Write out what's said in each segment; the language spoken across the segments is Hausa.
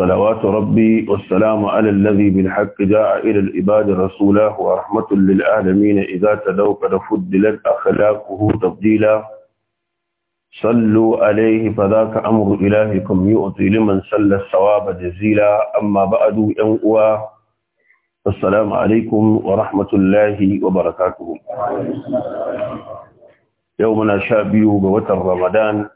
صلوات ربي والسلام على الذي بالحق جاء إلى العباد رسولا ورحمة للعالمين إذا تلوك قد أخلاقه تفضيلا صلوا عليه فذاك أمر إلهكم يؤتي لمن سل الثواب جزيلا أما بعد أنقوا السلام عليكم ورحمة الله وبركاته يومنا شابي بوتر رمضان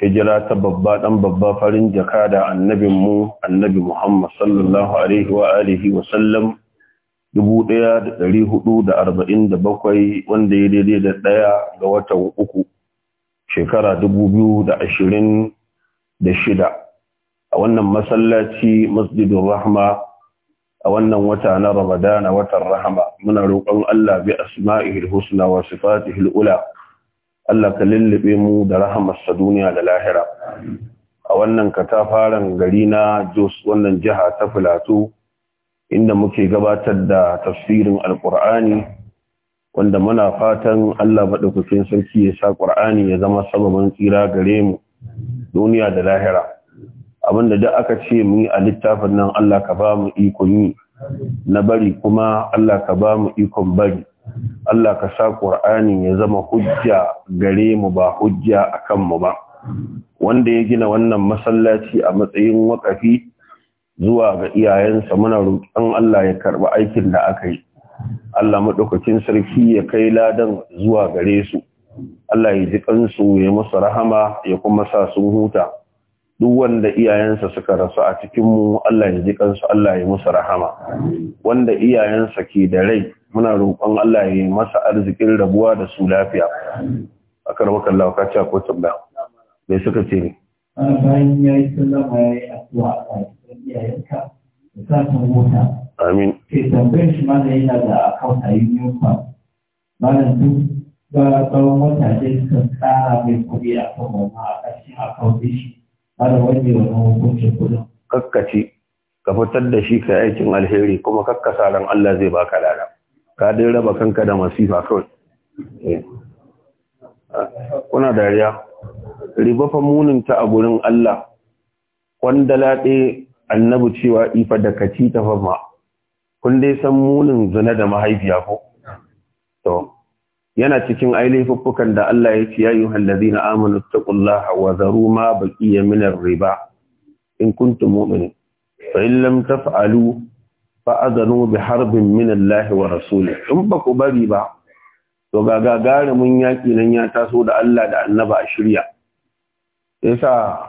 hijira ta babba dan babba farin jaka da annabin mu annabi Muhammad sallallahu alaihi wa alihi wa sallam 1447 wanda ya daidai da ɗaya ga watan uku shekara 2026 a wannan masallaci masjidin rahma a wannan wata na Ramadana watan rahama muna roƙon Allah bi asma'ihil husna wa sifatihil ula Allah ka lullube mu da rahamarsa duniya da lahira a wannan katafaren gari na Jos wannan jiha ta Filato inda muke gabatar da tafsirin Alkur'ani, wanda muna fatan Allah maɗaukakin sarki ya sa Ƙur'ani ya zama sababin tsira gare mu duniya da lahira abinda duk aka ce mu yi a littafin nan Allah ka ba mu ikon yi na bari kuma Allah ka ba mu ikon bari Allah ka sa Qur'ani ya zama hujja gare mu ba hujja kan mu ba wanda ya gina wannan masallaci a matsayin waƙafi zuwa ga iyayensa muna roƙon Allah ya karɓi aikin da aka yi Allah maɗaukakin sarki ya kai ladan zuwa gare su Allah ya ji kansu ya musu rahama ya kuma sa sun huta duk wanda iyayensa suka rasu a cikinmu Allah ya ji kansu Allah ya musu rahama wanda iyayensa ke da rai muna roƙon Allah ya yi masa arzikin rabuwa da su lafiya a karbakan lauka ce ko tambaya me suka ce ne bayan ya yi sallama ya yi addu'a a iyayenka da sa ta mota amin ke tambayar shi mana yana da account a yin bank malam duk ba tsawon wata dai suka tsara mai kuɗi a kan wannan a ƙarshen akawunt din shi malam wani wannan hukuncin kuɗin kakkaci ka fitar da shi ka aikin alheri kuma kakkasa ran Allah zai baka lada ka dai raba kanka da masifa kawai eh. kuna dariya riba fa muninta a gurin Allah kwandala ɗe annabi cewa ifa da kaci ta fama kun dai san munin zina da mahaifiya ko to yana cikin aile fuffukan da Allah ya ce ya yi hallazina amanu taqullaha wa zaru ma baqiya min riba in kuntum mu'minin fa lam taf'alu fa’adano bi harbin minan lahiwa wa rasuli in ba ku bari ba to ga mun yaki nan ya taso da Allah da annaba a shirya yasa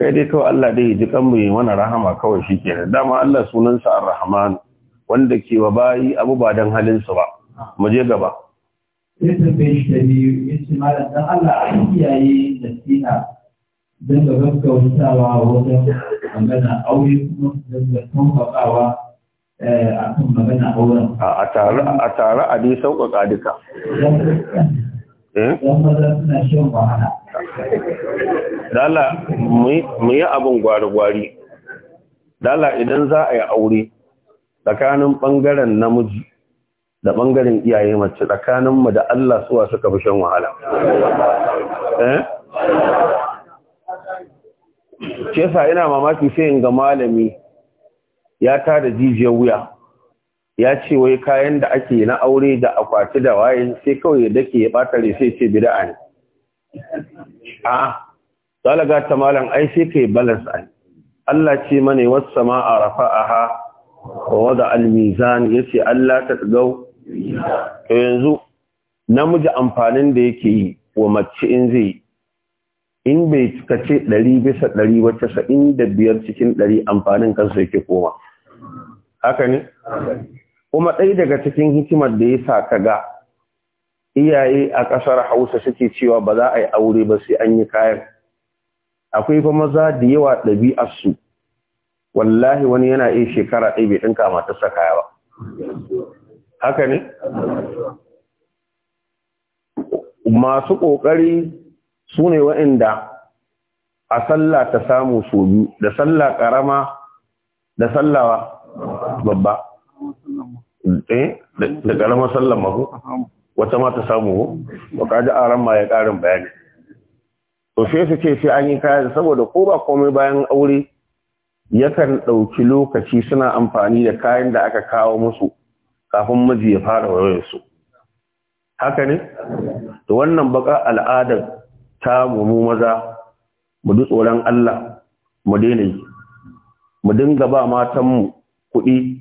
kai dai kawai Allah dai ji kan mai wani rahama kawai shi ke dama Allah sunansa a rahaman wanda ke wa bayi abu ba dan halinsu ba mu je gaba ya bai shi da biyu malam don Allah a kiyaye nasiha don ga gaskautawa wajen magana aure kuma don ga Eh, a tare a dai sauƙaƙa duka dala mu yi abin gwari-gwari dala idan za a yi aure tsakanin ɓangaren namiji da ɓangaren iyaye mace tsakaninmu da Allah suwa suka fi shan wahala. Cesa eh? ina mamaki sai in ga malami ya ta da jijiyar wuya ya ce wai kayan da ake na aure da akwati da waye sai kawai ya dake ya bata rese ce bid'a ne a talaga ta malam ai sai kai balance ai Allah ce mana was sama'a rafa'aha wa wada al-mizan yace Allah ta gau to yanzu namiji amfanin da yake yi wa mace in zai in bai kace 100 bisa 100 wacce 75 cikin 100 amfanin kansa yake koma haka ne kuma ɗaya daga cikin hikimar da ya sa ka ga iyaye a ƙasar hausa suke cewa ba za a yi aure ba sai an yi kayan akwai fa maza da yawa ɗabi'arsu wallahi wani yana iya shekara ɗaya bai ɗinka matarsa kaya ba haka ne masu ƙoƙari su ne wa'inda a sallah ta samu sobi da sallah ƙarama da sallawa babba eh da karamar sallan wata ma ta samu ko ka ji aran ma ya karin bayani to sai su ce sai an yi kaya saboda ko ba komai bayan aure yakan ɗauki lokaci suna amfani da kayan da aka kawo musu kafin miji ya fara wayar su haka ne to wannan baka al'adar ta mu maza mu ji tsoron Allah mu daina yi mu dinga ba matanmu kuɗi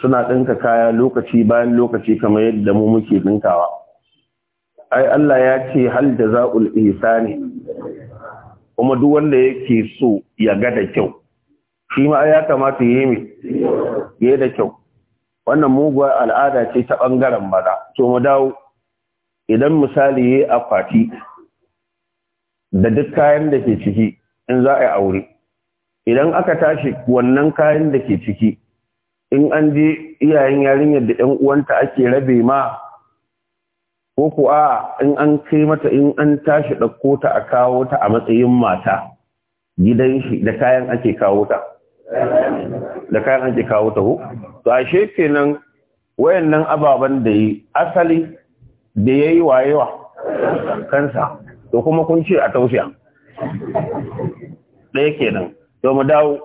suna ɗinka kaya lokaci bayan lokaci kamar yadda mu muke ɗinkawa ai Allah ya ce hal jaza'ul ihsani kuma duk wanda yake so ya ga da kyau shi ma ya kamata yi mai ya da kyau wannan muguwar al'ada ce ta ɓangaren maza to mu dawo idan misali ya akwati da duk kayan da ke ciki in za a yi aure idan aka tashi wannan kayan da ke ciki in an je iyayen yarinyar da ‘yan uwanta ake rabe ma, ko kuwa in an kai mata in an tashi ɗauko ta a kawo ta a matsayin mata gidan shi da kayan ake kawo ta. Da kayan ake kawo ta ko? To, ashe kenan wayannan ababen da yi asali da ya yi wayewa kansa, to kuma kun ce a taushiya. Ɗaya kenan, to mu dawo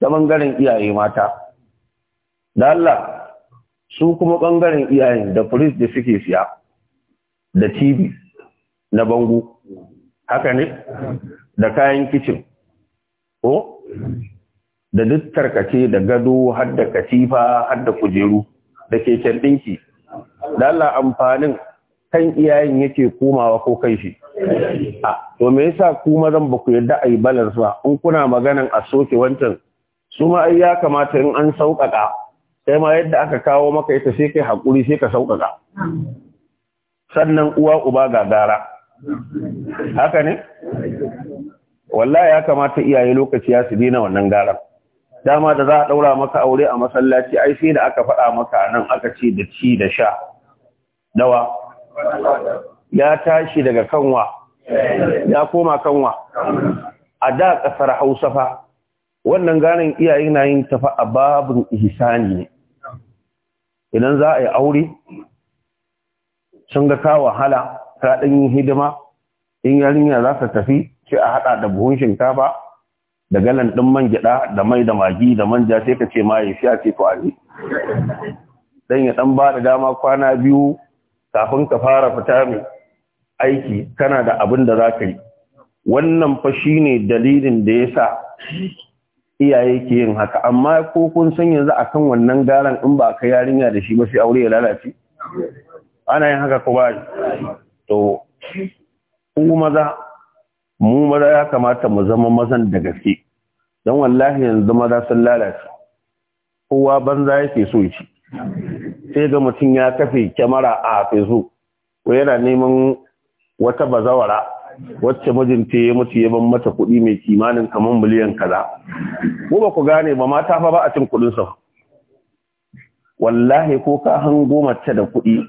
ta bangaren iyaye mata. da Allah su kuma ɓangaren iyayen da furis da suke siya da TV na bango haka ne da kayan kicin ko da duk tarkace da gado har da katifa har da kujeru da keken ɗinki da Allah amfanin kan iyayen yake komawa ko kai shi a to me yasa ku mazan ba ku yarda a yi balance ba in kuna maganan a soke wancan su ma ai ya kamata in an sauƙaƙa Sai ma yadda aka kawo maka ita sai kai haƙuri sai ka sauƙaƙa sannan uwa uba ga gara haka ne wallahi ya kamata iyaye lokaci ya su dina wannan gara dama da za a ɗaura maka aure a masallaci ai sai da aka faɗa maka nan aka ce da ci da sha dawa ya tashi daga kanwa ya koma kanwa a da ƙasar hausa fa wannan ganin iyaye na yin tafa a babin ihsani ne idan za a yi aure sun ga ka wahala ka ɗan yi hidima in yarinya za ka tafi ce a haɗa da buhun shinkafa da galan ɗin man gyaɗa da mai da magi da manja sai ka ce ya sai a ce kwari dan ya ɗan ba da dama kwana biyu kafin ka fara fita mai aiki kana da abin da za ka yi wannan fa ne dalilin da ya sa iyaye ke yin haka amma ko kun san yanzu akan wannan garan in ba ka yarinya da shi ba sai aure ya lalace ana yin haka ko ba to ku maza mu maza ya kamata mu zama mazan da gaske don wallahi yanzu maza sun lalace kowa banza yake so shi sai ga mutum ya kafe kyamara a fesu ko yana neman wata bazawara wacce mijinta ya mutu ya ban mata kuɗi mai kimanin kamar miliyan kaza ko ba ku gane ba mata fa ba a cin kuɗin sa wallahi ko ka hango mace da kuɗi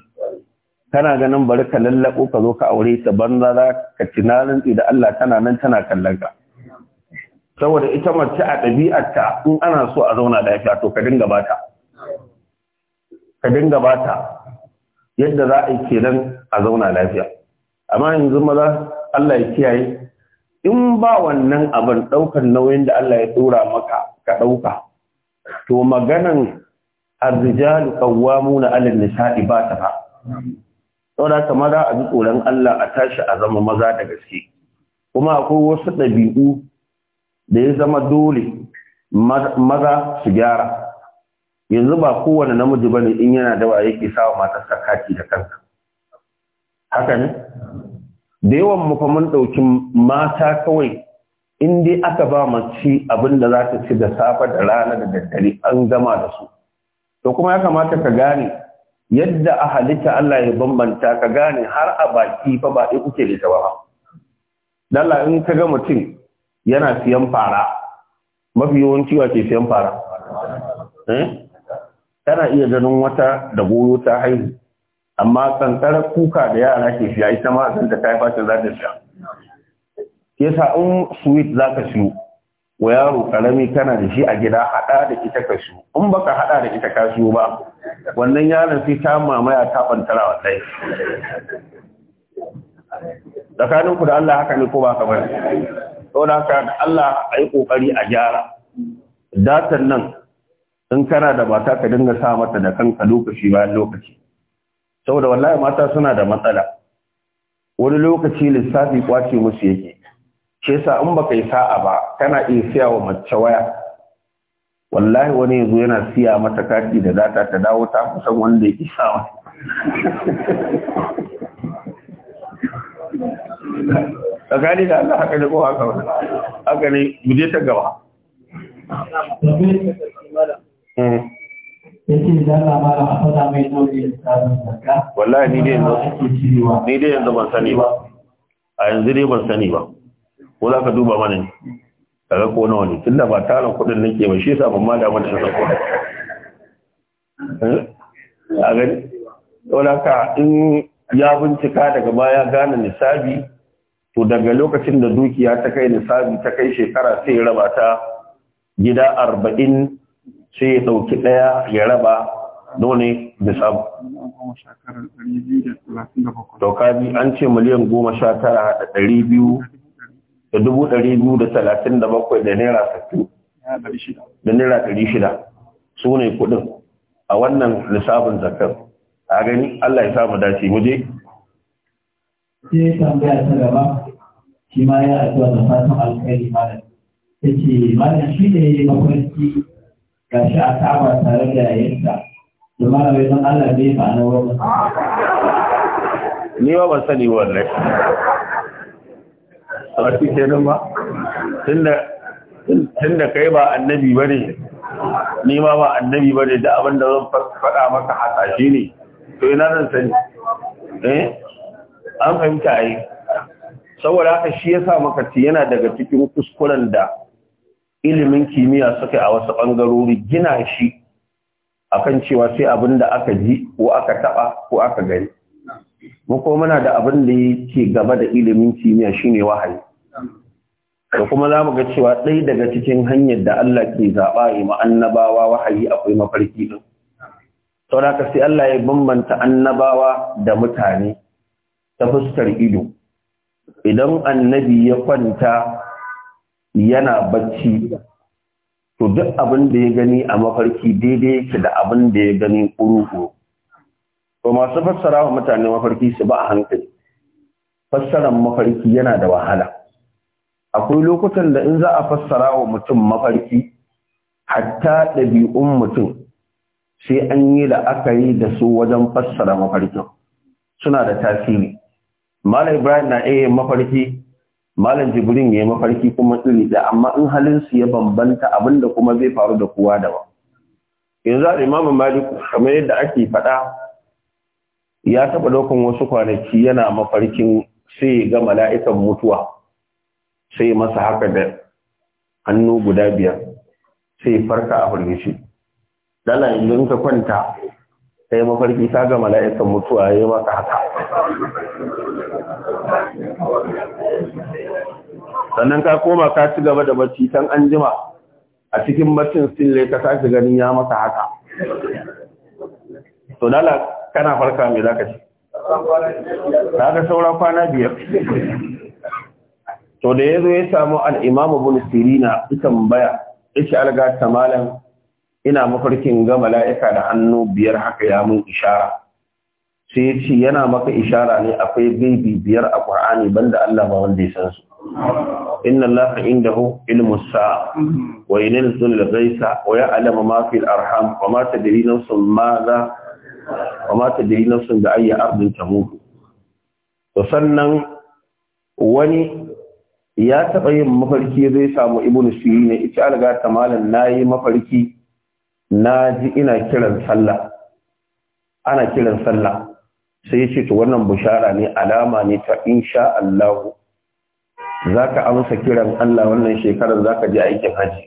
kana ganin bari ka lallako ka zo ka aure ta banza za ka tunanin da Allah tana nan tana kallon ka saboda ita mace a ɗabi'arta in ana so a zauna lafiya to ka dinga bata ka dinga bata yadda za a yi kenan a zauna lafiya amma yanzu maza Allah ya kiyaye in ba wannan abin ɗaukar nauyin da Allah ya dora maka ka ɗauka to maganan arzijalu qawwamuna 'ala an-nisa'i ba ta ba saboda kamar a ji tsoron Allah a tashi a zama maza da gaske kuma akwai wasu ɗabi'u da ya zama dole maza su gyara yanzu ba kowane namiji bane in yana da wa yake sawa matarsa kaki da kanka haka ne da yawan mu fa mun ɗauki mata kawai in dai aka ba mace abin da za ta ci da safe da rana da daddare an gama da su to kuma ya kamata ka gane yadda a halitta Allah ya bambanta ka gane har a baki fa ba ɗaya kuke da ba dalla in ka ga mutum yana siyan fara mafi yawanci wa ke siyan fara eh kana iya ganin wata da goyo ta haihu amma kankarar kuka da yara ke siya ita ma zanta ta yi fashin za ta siya yasa in sweet za ka siyo wa yaro karami kana da shi a gida hada da ita ka siyo in baka hada da ita ka siyo ba wannan yaron sai ta mamaya ta bantara wallahi tsakanin ku da Allah haka ne ko ba kamar saboda haka da Allah ayi kokari a gyara datan nan in kana da mata ka dinga sa mata da kanka lokaci bayan lokaci saboda wallahi mata suna da matsala wani lokaci lissafi kwace musu yake shi yasa in baka yi sa'a ba kana iya siya wa mace waya wallahi wani yanzu yana siya mata kati da data ta dawo ta kusan wanda ya isa wa tsakani da Allah haka ne ko haka wani haka ne mu je ta gaba yake da Allah a fada mai wallahi ni dai yanzu ni dai yanzu ban sani ba a yanzu dai ban sani ba ko za ka duba mana ne kaga ko nawa ne tunda ba tarin kuɗin nake ba shi yasa ban ma damu da sako eh? a gani ka in ya bincika daga baya gane nisabi to daga lokacin da dukiya ta kai nisabi ta kai shekara sai raba ta gida arba'in sai ya ɗauki ɗaya ya raba dole bisa to kaji an ce miliyan goma sha tara da ɗari biyu da dubu ɗari biyu da talatin da bakwai da naira sattu da naira ɗari shida su ne kuɗin a wannan lissafin zakar a gani Allah ya samu dace mu je sai tambaya ta gaba shi ma ya addu'a da fatan alkhairi malam ce malam shi ne mafarki ga shi a kama tare da yayinka da a wajen Allah bai ba na wani ni ba ban sani wannan a wasu kenan ba tun da kai ba annabi ba ne ni ma ba annabi ba ne da abin da zan faɗa maka hasashe ne to ina nan sani eh an fahimta a yi saboda haka shi ya sa makarci yana daga cikin kuskuren da ilimin kimiyya suka a wasu ɓangarori gina shi akan cewa sai abin da aka ji ko aka taɓa ko aka gani. Mu muna da abin da yake gaba da ilimin kimiyya shine wahayi. Da kuma za mu ga cewa ɗaya daga cikin hanyar da Allah ke zaɓa yi annabawa wahayi akwai mafarki ɗin. da sai Allah ya bambanta annabawa da mutane ta fuskar ido. Idan annabi ya kwanta yana bacci to duk abin da ya gani a mafarki daidai yake da abin da ya gani ƙuruƙu to masu fassara wa mutane mafarki su ba a hankali fassarar mafarki yana da wahala akwai lokutan da in za a fassara wa mutum mafarki hatta ɗabi'un mutum sai an yi la'akari da su wajen fassara mafarkin suna da tasiri Malam Ibrahim na iya mafarki malam jibrin ya yi mafarki kuma iri da amma in halin su ya bambanta abinda kuma zai faru da kowa da ba yanzu a imamu maliku kamar yadda ake faɗa ya taɓa ɗaukan wasu kwanaki yana mafarkin sai ga mala'ikan mutuwa sai masa haka da hannu guda biyar sai farka a firgishi dala yanzu in ka kwanta sai mafarki ta ga mala'ikan mutuwa ya yi maka haka sannan ka koma ka ci gaba da bacci tan an jima a cikin baccin stille ka sake ganin ya masa haka to dala kana farka mai zaka ci kaga saura kwana biyar to da yazo ya samu al-Imam Ibn Sirina ita baya yace alga tamalan ina mafarkin ga mala'ika da hannu biyar haka ya mun ishara sai ya ce yana maka ishara ne akwai gaibi biyar a ƙwar'ani banda Allah ba wanda ya san su إن الله عنده علم الساعة وينزل الغيث ويعلم ما في الأرحام وما تدري نفس ماذا وما تدري نفس بأي أرض تموت sannan وني ya taɓa yin mafarki zai samu ibn sirina ita alga ta malam nayi mafarki na ji ina kiran sallah ana kiran sallah sai ce to wannan bushara ne alama ne ta insha Allahu. zaka amsa kiran Allah wannan shekarar zaka ka ji aikin haji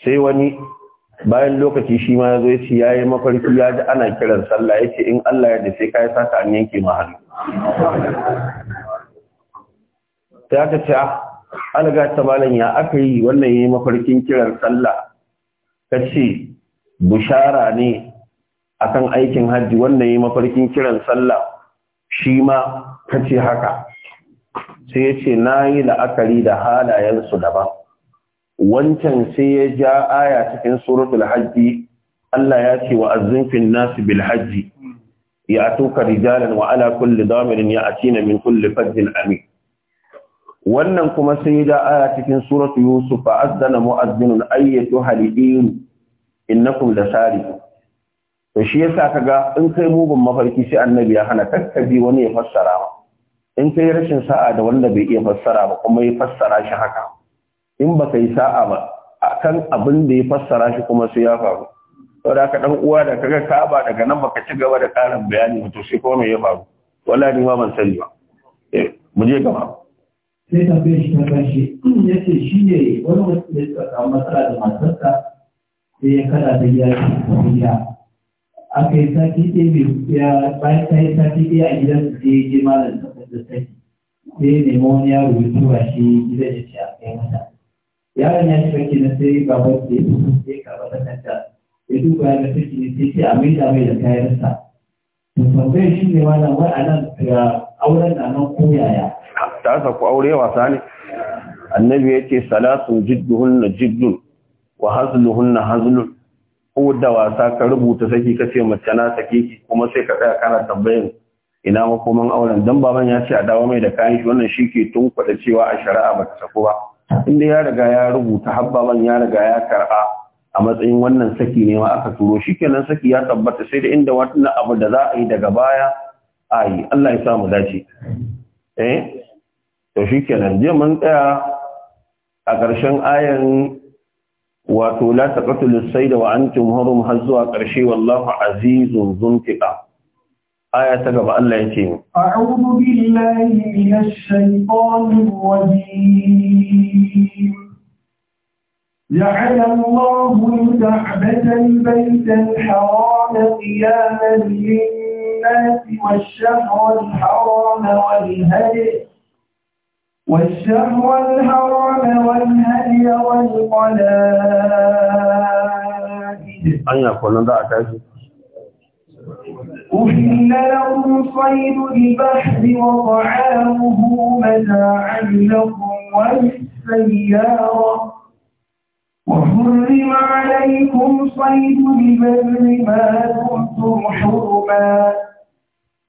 sai wani bayan lokaci shi ma ya zo ya ce ya mafarki ya ji ana kiran sallah yace in Allah ya da sai kai saka an yanke mahallu ta ya ce alga ah, ta malam ya aka yi wannan ya yi mafarkin kiran sallah kace ce bushara ne akan aikin hajji wannan yayi yi mafarkin kiran sallah shi ma kace haka sai ya ce na yi la'akari da halayensu daban wancan sai ya ja aya cikin suratul hajji Allah ya ce wa azzunfin nasu bil hajji ya atuka rijalan wa ala kulli damirin ya atina min kulli fajjin amin wannan kuma sai ya ja aya cikin suratul yusuf fa azzana mu'azzinun ayyatu halidin innakum lasariqun to shi yasa kaga in kai mugun mafarki sai annabi ya hana kakkabi wani ya fassara in ka yi rashin sa'a da wanda bai iya fassara ba kuma ya fassara shi haka in baka yi sa'a ba a kan abin da ya fassara shi kuma sai ya faru to da ka dan uwa da kaga kaba daga nan baka ci gaba da karin bayani to sai kuma me ya faru wala ni ma ban sani ba eh mu je gaba sai ta bai shi ta kashi ce shi ne wani wasu da ya samu matsala da matarsa sai ya kada da yaki da aka yi sati ɗaya bayan ta yi sati ɗaya a gidan sai ya je malam da sai sai yaro ya tura shi ya a kai mata yaron ya shiga sai ya duba ne sai a mai da shi ne a nan auren ta aure wasa ne annabi ya ce salatun wa hazluhunna ko da wasa ka rubuta saki ka ce mace na ki kuma sai ka tsaya kana tambayin ina makoman auren dan baban ya ce a dawo mai da kayan shi wannan shi ke tun kwada cewa a shari'a ba ta sako ba inda ya riga ya rubuta har baban ya riga ya karɓa a matsayin wannan saki ne ma aka turo shi kenan saki ya tabbata sai da inda wani abu da za a yi daga baya a yi Allah ya sa mu dace eh to shi kenan je mun tsaya a ƙarshen ayan wato la taqatul sayda wa antum hurum har zuwa ƙarshe wallahu azizun zuntiqa آية تقبع الله يتيم أعوذ بالله من الشيطان الرجيم جعل الله الكعبة البيت الحرام قياما للناس والشهر الحرام والهدي والشهر الحرام والهدي والقلائد أين أقول لنا أحل لكم صيد البحر وطعامه متاعا لكم وللسيارة وحرم عليكم صيد البر ما دمتم حرما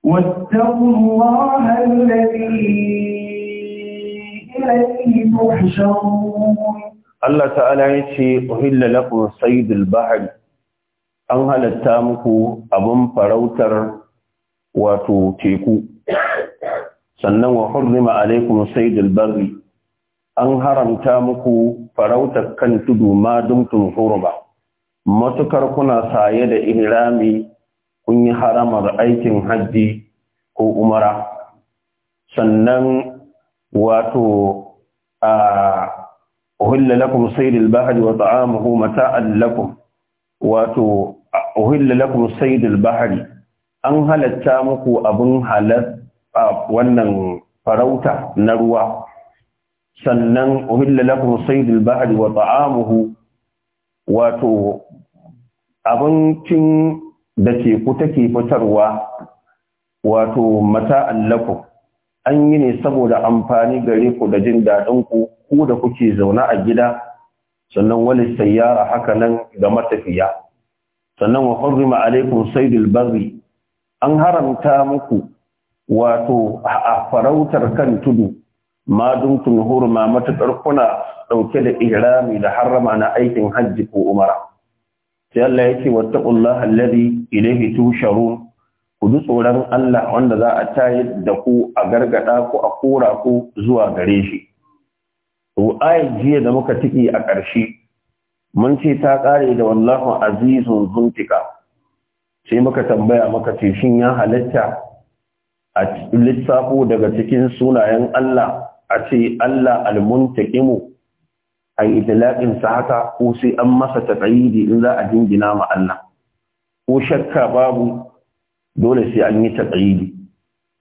واتقوا الله الذي إليه تحشرون الله تعالى يتي أهل لكم صيد البحر an halatta muku abin farautar wato teku sannan wa hurrima alaikum saydul barri an haramta muku farautar kan tudu ma dumtum hurba matukar kuna saye da ihrami kun yi haramar aikin hajji ko umara sannan wato a uhilla lakum saydul bahri wa ta'amuhu mata'an lakum wato uhilla lakum saydul bahri an halatta muku abin halar wannan farauta na ruwa sannan uhilla lakum saydul bahri wa ta'amuhu wato abincin da ke ku take fitarwa wato mata'an allaku, an yi ne saboda amfani gare ku da jin daɗin ku ku da kuke zauna a gida sannan wani sayyara haka nan ga matafiya sannan wa hurrima alaikum saydul barri an haramta muku wato a farautar kan tudu ma tun hurma matakar kuna dauke da ihrami da harrama na aikin hajji ko umara sai Allah yake wattaqullaha alladhi ilayhi tusharun ku ji tsoron Allah wanda za a tayar da ku a gargada ku a kora ku zuwa gare shi to jiya da muka tiki a ƙarshe mun ce ta ƙare da wallahu azizun zuntika sai muka tambaya maka ce shin ya halatta a lissafo daga cikin sunayen Allah a ce Allah almuntaqimu a idlaqin sa haka ko sai an masa taqayidi in za a dingina ma Allah ko shakka babu dole sai an yi taqayidi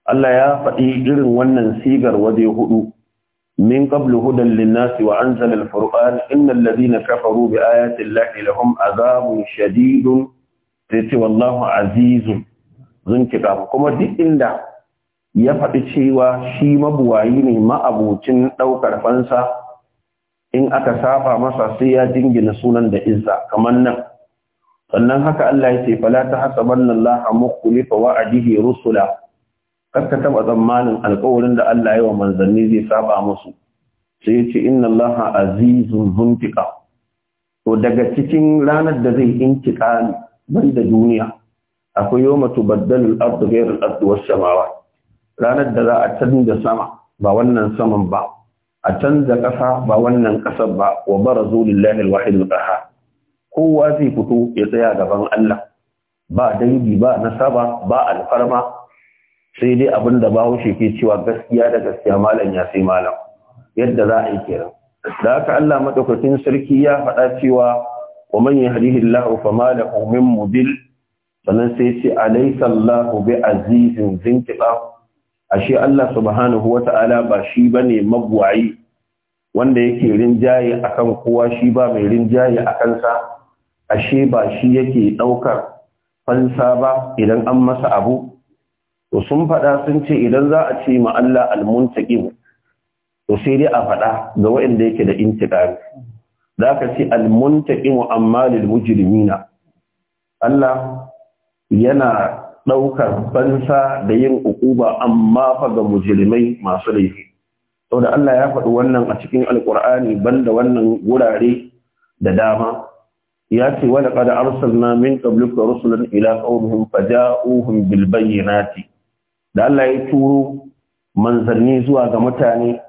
Allah ya faɗi irin wannan sigar waje hudu من قبل هدى للناس وأنزل الفرقان إن الذين كفروا بآيات الله لهم عذاب شديد تيتي والله عزيز زنك كما دي إلا يفتي شيوا شي مبوايني ما أبو تن أو كرفنسا إن أكسافا مسا سيا جنجن سونا دا إزا كمانا sannan haka Allah ya ce fala tahsabanna Allah mukhlifa wa'dihi rusula kar ka taba tsammanin alƙawarin da Allah ya wa manzanni zai saba musu sai ya ce inna Allah azizun zuntiqa to daga cikin ranar da zai intiqami banda duniya akwai yawma tubaddalu al-ardu ghayra al-ardu was-samawat ranar da za a canza sama ba wannan saman ba a canza ƙasa ba wannan ƙasar ba wa barazu lillahi al-wahid al-qahhar kowa zai fito ya tsaya gaban Allah ba dangi ba nasaba ba alfarma sai dai abin da bahaushe ke cewa gaskiya da gaskiya malam ya sai malam yadda za a yi kenan da haka Allah madaukakin sarki ya faɗa cewa wa man yahdihillahu fama lahu min mudil sannan sai ya ce alaysa Allahu bi azizin zintiqa ashe Allah subhanahu ta'ala ba shi bane mabwayi wanda yake rinjaye akan kowa shi ba mai rinjaye akan sa ashe ba shi yake daukar fansa ba idan an masa abu to sun faɗa sun ce idan za a ce ma Allah al-muntaqim to sai dai a faɗa ga waɗanda yake da intiqami da ka ce al-muntaqim amma lil mujrimina Allah yana ɗaukar bansa da yin ukuba amma fa ga mujrimai masu laifi saboda Allah ya faɗi wannan a cikin alkur'ani banda wannan wurare da dama ya ce wa laqad arsalna min qablika rusulan ila qaumihim faja'uhum bil bayyinati da Allah ya turo manzanni zuwa ga mutane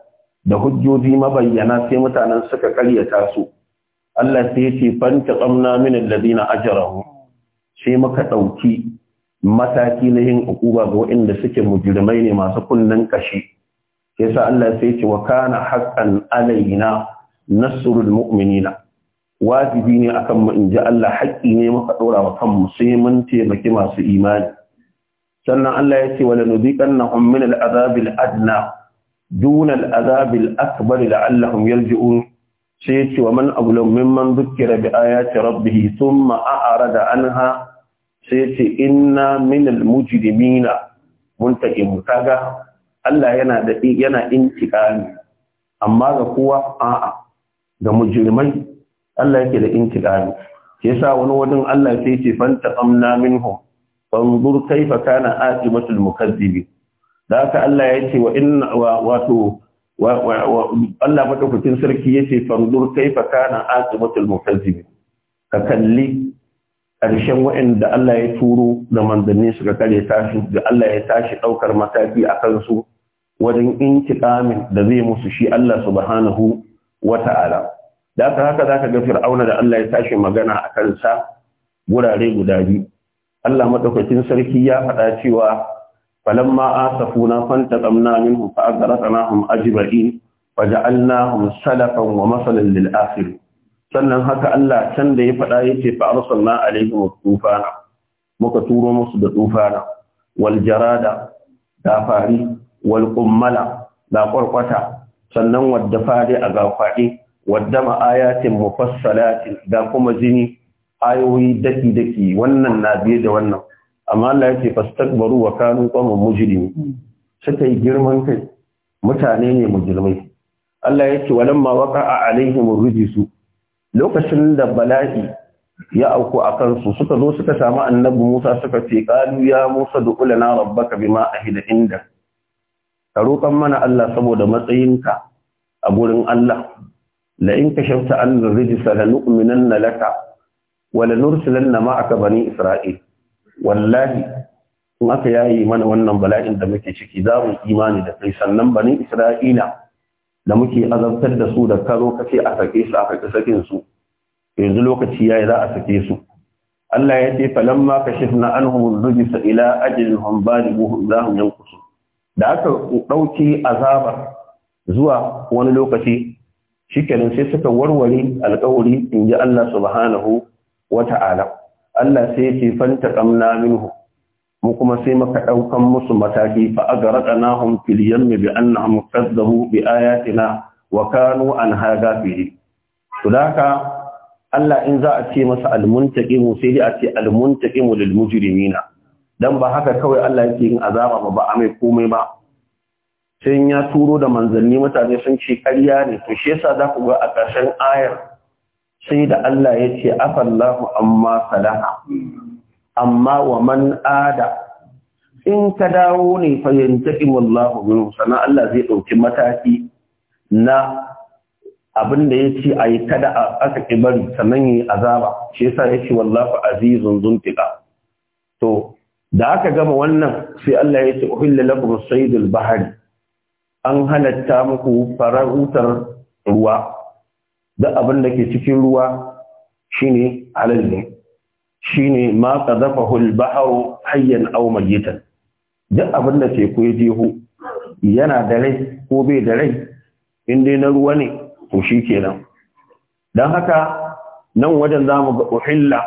da hujjoji mabayyana sai mutanen suka karyata su Allah sai yace fanta qamna min alladhina ajrahu sai muka dauki mataki na yin ukuba ga waɗanda suke mujrimai ne masu kunnen kashi yasa Allah sai ce wa kana haqqan alaina nasrul mu'minina wajibi ne akan mu inji Allah haƙƙi ne muka ɗora wa kanmu sai mun taimaki masu imani sannan Allah ya ce wani wala nuziqannahum min al'azab al'adna dun al'azab da la'allahum yarji'un sai ya ce wa man ablam mimman dhukira bi ayati rabbih thumma an ha, sai ya ce inna min mun taƙi mu kaga Allah yana da yana intiqami amma ga kowa a'a ga mujrimai Allah yake da ke sa wani wajen Allah sai ya ce fantaqamna minhum fanzur kaifa kana aqibatul mukazzibi da haka Allah ya ce wa inna wato Allah madaukakin sarki ya ce fanzur kaifa kana aqibatul mukazzibi ka kalli ƙarshen waɗanda Allah ya turo da manzanni suka kare tashi da Allah ya tashi ɗaukar mataki a kansu wajen intiƙamin da zai musu shi Allah subhanahu wa ta'ala. Da haka haka za ka ga Fir'auna da Allah ya tashi magana a kansa gurare guda biyu. Allah madaukakin sarki ya faɗa cewa falamma asafuna fantaqamna minhum fa aghraqnahum ajma'in wa ja'alnahum salafan wa masalan lil sannan haka Allah can da ya faɗa yace fa arsalna alaihim tufana muka turo musu da tufana wal jarada da fari wal qummala da ƙwarƙwata sannan wadda fari a gafaɗe wadda ma'ayatin mufassalatin da kuma jini ayoyi daki daki wannan na biye da wannan amma Allah yake fastakbaru wa kanu qawman mujrimi suka yi girman kai mutane ne mujrimai Allah yake walamma waqa'a alaihim rujisu lokacin da bala'i ya auku a kansu suka zo suka samu annabi Musa suka ce qalu ya Musa du'ulana rabbaka bima ahida inda ka roƙan mana Allah saboda matsayinka a gurin Allah la in kashafta an rijsa la nu'minanna laka wala nursilanna ma'aka bani isra'il wallahi in aka yayi mana wannan bala'in da muke ciki za mu imani da kai sannan bani isra'ila da muke azabtar da su da karo kace a sake su a ki sakin su yanzu lokaci yayi za a sake su Allah ya ce falamma kashifna anhum ar-rijsa ila za mu yanku su. da aka ɗauke azabar zuwa wani lokaci shikenan sai suka warware alƙawari in ji Allah subhanahu Wata'ala, Allah sai ce fanta qamna minhu mu kuma sai maka daukan musu mataki fa agraqnahum fil yammi bi annahum kazzabu bi ayatina wa kanu an hada fihi daka Allah in za a ce masa almuntaqimu sai dai a ce almuntaqimu lil mujrimina dan ba haka kawai Allah yake yin azaba ba ba a mai komai ba sai ya turo da manzanni mutane sun ce ƙarya ne to shi yasa za ku ga a ƙarshen ayar sai da Allah ya ce afallahu amma salaha amma wa man ada in ka dawo ne fayyantaki wallahu minhu sana Allah zai ɗauki mataki na abin da ya ce a yi kada aka ƙi bari sannan yi azaba shi yasa ya ce wallahu azizun zuntika to da aka gama wannan sai Allah ya ce uhilla lakum saydul bahari an halatta muku farautar ruwa da abin da ke cikin ruwa shine halal ne shine ma qadafahu al-bahru hayyan aw mayitan duk abin da teku ya jeho yana da rai ko bai da rai in dai na ruwa ne to shikenan dan haka nan wajen zamu ga uhilla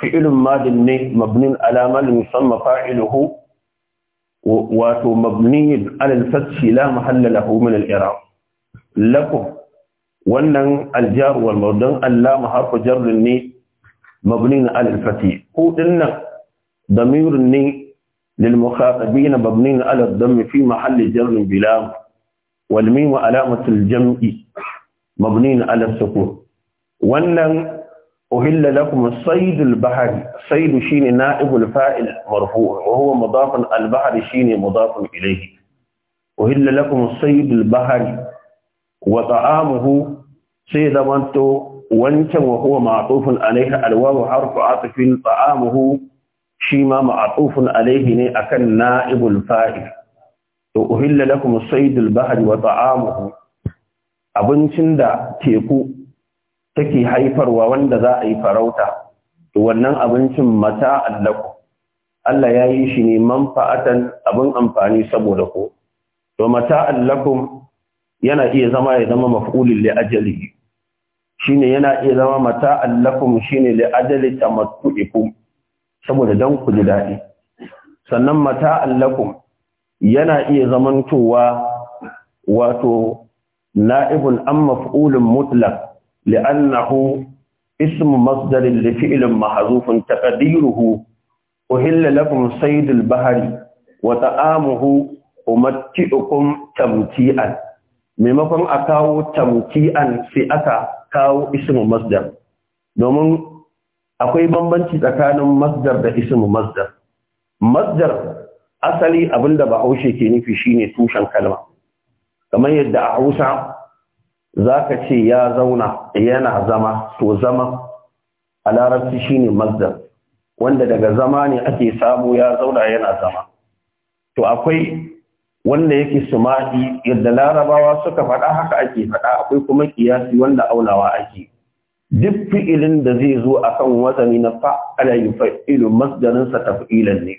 fi'lun madin ne mabnin ala mal musamma fa'iluhu wato mabniyin ala al la mahalla lahu min al-i'rab wannan aljar wal mawdan allama harfu jarr ne mabni al fati ko dinnan damir ne lil mukhatabin mabni al fi mahall jarr bila wal mim alamatu al jam'i mabni al sukun wannan أهل لكم الصيد saidu صيد شين fa'il الفاعل مرفوع وهو مضاف البحر شين مضاف إليه أهل لكم الصيد البحر وطعامه sai zamanto wancan wa huwa ma'tufun alaihi alwawu harfu atfin ta'amuhu shi ma ma'tufun alaihi ne akan na'ibul fa'il to uhilla lakum as-saydul bahri wa ta'amuhu abincin da teku take haifarwa wanda za a yi farauta to wannan abincin mata allaku Allah ya yi shi ne manfa'atan abin amfani saboda ku to mata allakum yana iya zama ya zama maf'ulin li ajalihi shine yana iya zama mata allakum shine li ajali tamattu'ikum saboda dan ku ji dadi sannan mata allakum yana iya zamantowa wato na'ibun an maf'ulun mutlaq li'annahu ismu masdarin li fi'lin mahzufin taqdiruhu uhilla lakum saydul bahri wa ta'amuhu umatti'ukum tamti'an maimakon a kawo tamti'an sai aka kawo ismu masdar domin akwai bambanci tsakanin masdar da ismu masdar masdar asali abinda ba haushe ke nufi shine tushen kalma kamar yadda a hausa zaka ce ya zauna yana zama to zama a larabci shine masdar wanda daga zama ne ake samu ya zauna yana zama to akwai wanda yake suma'i yadda larabawa suka faɗa haka ake faɗa akwai kuma kiyasi wanda aunawa ake duk fi'ilin da zai zo a kan wazani na fa'ala yufailu masdarin sa taf'ilan ne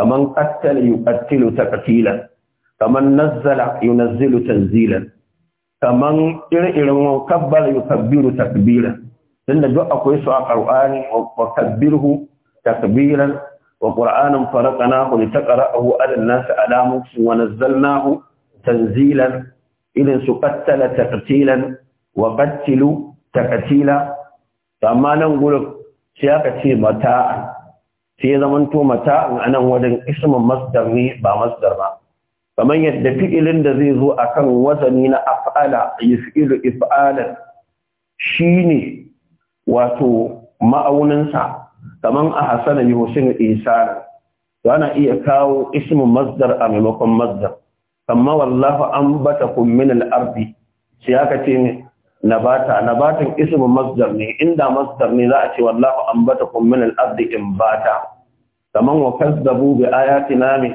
kaman qattala yuqattilu taqtilan kaman nazzala yunazzilu tanzilan kamar ire-iren kabbala yukabbiru takbiran tunda duk akwai su a Qur'ani wa kabbirhu takbiran وقرآنا فرقناه لتقرأه على الناس على مكس ونزلناه تنزيلا إذن سقتل تقتيلا وقتلوا تقتيلا فما نقول سياقة متاع في زمنتو متاع أنا ودن اسم مصدر با مصدر ما فمن يدفئ لندزيزو أكن وزنين أفعل يفئل إفعالا شيني واتو ma'auninsa kaman a hasana yushin isana to ana iya kawo ismin masdar a maimakon masdar amma wallahu ambatakum min al-ardi sai aka ce ne nabata nabatin ismin masdar ne inda masdar ne za a ce wallahu kun min al-ardi bata. kaman wa kazzabu bi ayatina min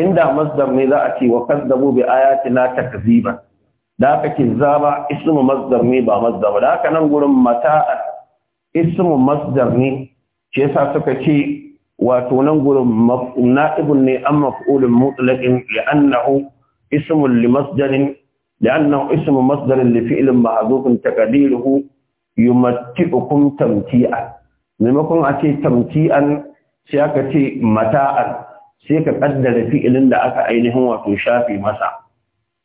inda masdar ne za a ce wa kazzabu bi ayatina takziban da aka zaba ismu masdar ne ba masdar ba, da aka nan gurin mata'a ismu masdar ne shi yasa suka ce wato nan gurin na'ibun ne an maf'ulun mutlaqin li'annahu ismun li masdarin li'annahu ismu masdarin li fi'lin mahdhufin taqdiruhu yumatti'ukum tamti'an maimakon a ce tamti'an sai aka ce mata'an sai ka kaddara fi'ilin da aka ainihin wato shafe masa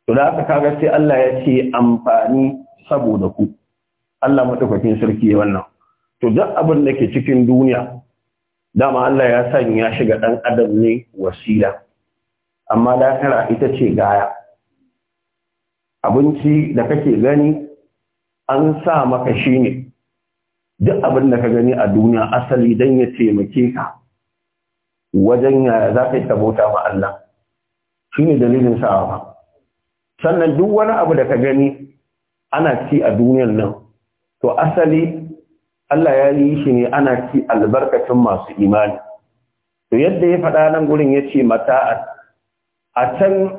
to da aka kaga sai Allah ya ce amfani saboda ku Allah madaukakin sarki wannan to duk abin da ke cikin duniya dama Allah ya sanya shi ga ɗan adam ne wasila amma lahira ita ce gaya abinci da kake gani an sa maka shi ne duk abin da ka gani a duniya asali dan ya taimake ka wajen ya za ka yi tabota ma Allah shi ne dalilin sa'awa sannan duk wani abu da ka gani ana ci a duniyar nan to asali Allah ya yi shi ne ana ci albarkacin masu imani to yadda ya faɗa nan gurin ya ce mata'a a can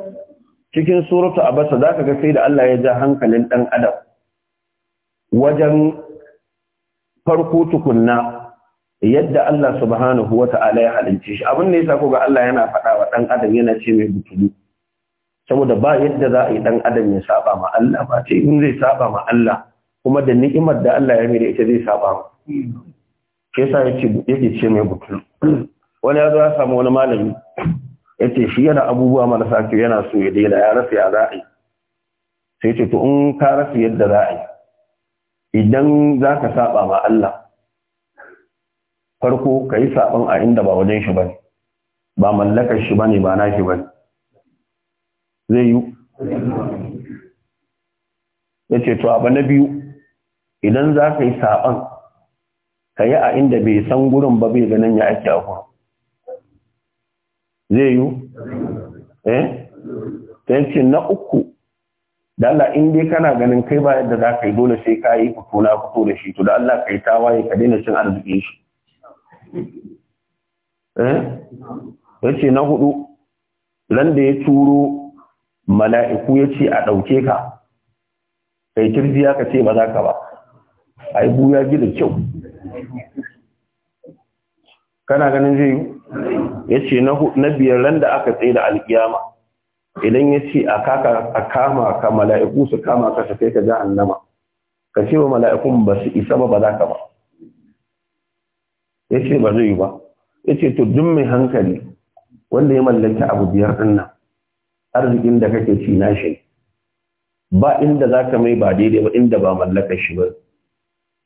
cikin suratu abasa za ka ga sai da Allah ya ja hankalin ɗan adam wajen farko tukunna yadda Allah subhanahu ta'ala ya halince shi abin da ya sako ga Allah yana faɗa wa ɗan adam yana ce mai butulu saboda ba yadda za a yi ɗan adam ya saba ma Allah ba ce in zai saba ma Allah kuma da ni'imar da Allah ya mai da ita zai saba Ke yasa yake yake ce mai butul wani ya zo ya samu wani malami ya ce shi yana abubuwa marasa kyau yana so ya daina ya rasa ya za'a sai ce to in ka rasa yadda za'a idan za ka saba ma Allah farko ka yi saban a inda ba wajen shi ba ne ba mallakar shi ba ne ba na shi ba ne zai yi ya ce to abu na biyu idan za ka yi saɓon ka yi a inda bai san gurin ba bai ganin ya ake a gurin zai yi eh ta yi na uku da Allah in dai kana ganin kai ba yadda za ka yi dole sai ka yi fito na fito da shi to da Allah ka yi tawaye ka daina cin arziki shi eh yace na hudu ran da ya turo mala'iku ya ce a ɗauke ka kai kirjiya ka ce ba za ka ba ai bu ya ji da kyau kana ganin zai yi ya ce na biyar ran da aka tsaye da alkiyama idan ya ce a kama ka mala'iku su kama ka kai ka annama. ka ce wa mala'ikun ba su isa ba ba za ka ba ya ce ba zai yi ba ya ce to dun mai hankali wanda ya mallaki abu biyar ɗin nan arzikin da kake ci na shi ba inda za ka mai ba daidai ba inda ba mallakar shi ba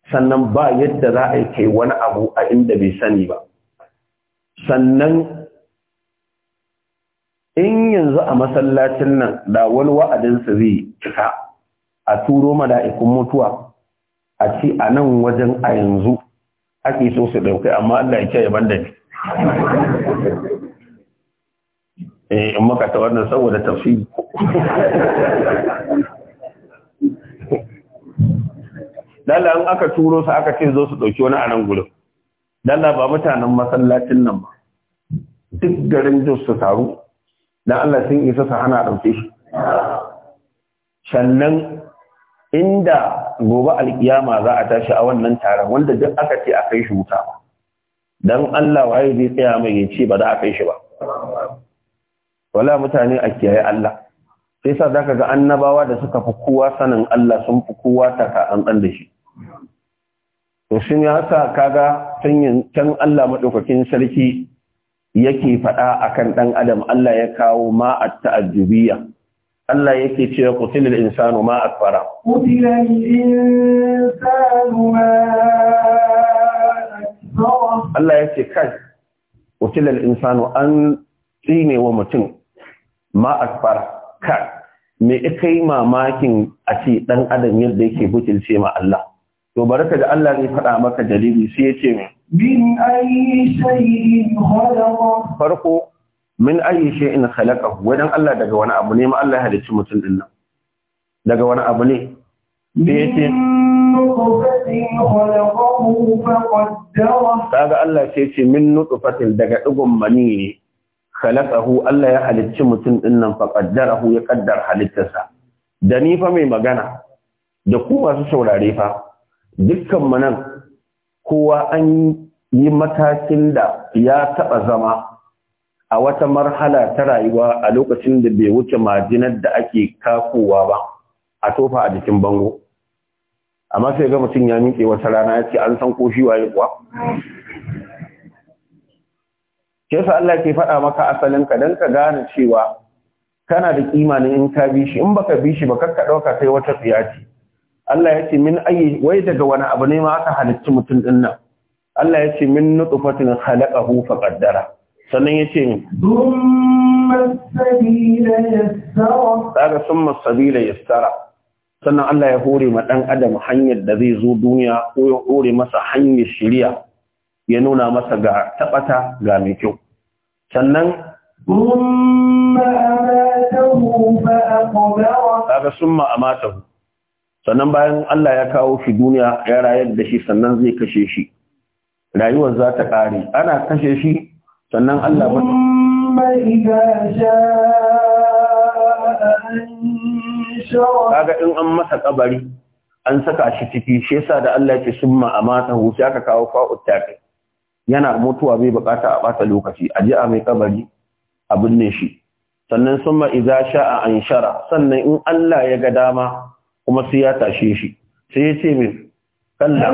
sannan ba yadda za a yi kai wani abu a inda bai sani ba sannan in yanzu a masallacin nan da wani wa'adinsa zai cika a turo mala'ikun mutuwa a ce a nan wajen a yanzu ake so su ɗauki amma Allah ya ce yaban da eh, in maka ta wannan saboda tafsiri dala in aka turo su aka ce zo su ɗauki wani a nan gurin ba mutanen masallacin nan ba duk garin jos su taru dan Allah sun isa su hana ɗauke shi sannan inda gobe alkiyama za a tashi a wannan taron wanda duk aka ce a kai shi wuta dan Allah waye zai tsaya mai ya ba za a kai shi ba wala mutane a kiyaye Allah sai sa zaka ga annabawa da suka fi kowa sanin Allah sun fi kowa taka an da shi to sun ya sa kaga can Allah madaukakin sarki yake faɗa akan ɗan adam Allah ya kawo ma at ta'ajjubiyya Allah yake cewa qutilil insanu ma akfara qutilil insanu ma akfara Allah yake kai qutilil insanu an tsine wa mutum ma akfara kai me kai mamakin a ce ɗan adam yadda yake bukilce ma Allah to baraka da Allah zai faɗa maka dalili sai ya ce min min ayi shay'in khalaqa farko min ayi shay'in khalaqa wadan Allah daga wani abu ne ma Allah ya halicci mutum din nan daga wani abu ne sai ya ce kaga Allah sai ce min nutfatin daga digon mani ne khalaqahu Allah ya halicci mutum din nan fa qaddarahu ya qaddar halittarsa da ni fa mai magana da ku masu saurare fa dukkan manan nan kowa an yi matakin da ya taɓa zama a wata marhala ta rayuwa a lokacin da bai wuce majinar da ake kakowa ba a tofa a jikin bango amma sai ga mutum ya miƙe wata rana ya ce an san ko shi waye kuwa ke sa Allah ke faɗa maka asalin ka dan ka gane cewa kana da kimanin in ka bi shi in baka bi shi ba kakka ɗauka kai wata tsiyaci Allah ya ce min ayi wai daga wani abu ne ma aka halitta mutum din nan Allah ya ce min nutfatin khalaqahu fa qaddara sannan ya ce daga summa sabila yassara sannan Allah ya hore ma dan adam hanyar da zai zo duniya ko ya hore masa hanyar shiriya ya nuna masa ga tabata ga mai kyau sannan summa amatahu fa aqbara daga summa amatahu sannan bayan Allah ya kawo shi duniya ya rayar da shi sannan zai kashe shi rayuwar za ta ƙare ana kashe shi sannan Allah ba in an masa kabari an saka shi ciki shi yasa da Allah yake summa amata hu sai aka kawo fa'u tafi yana mutuwa bai bukata a bata lokaci a ji a mai kabari a binne shi sannan summa idza sha'a anshara sannan in Allah ya ga dama kuma sai ya tashe shi sai ya ce min kalla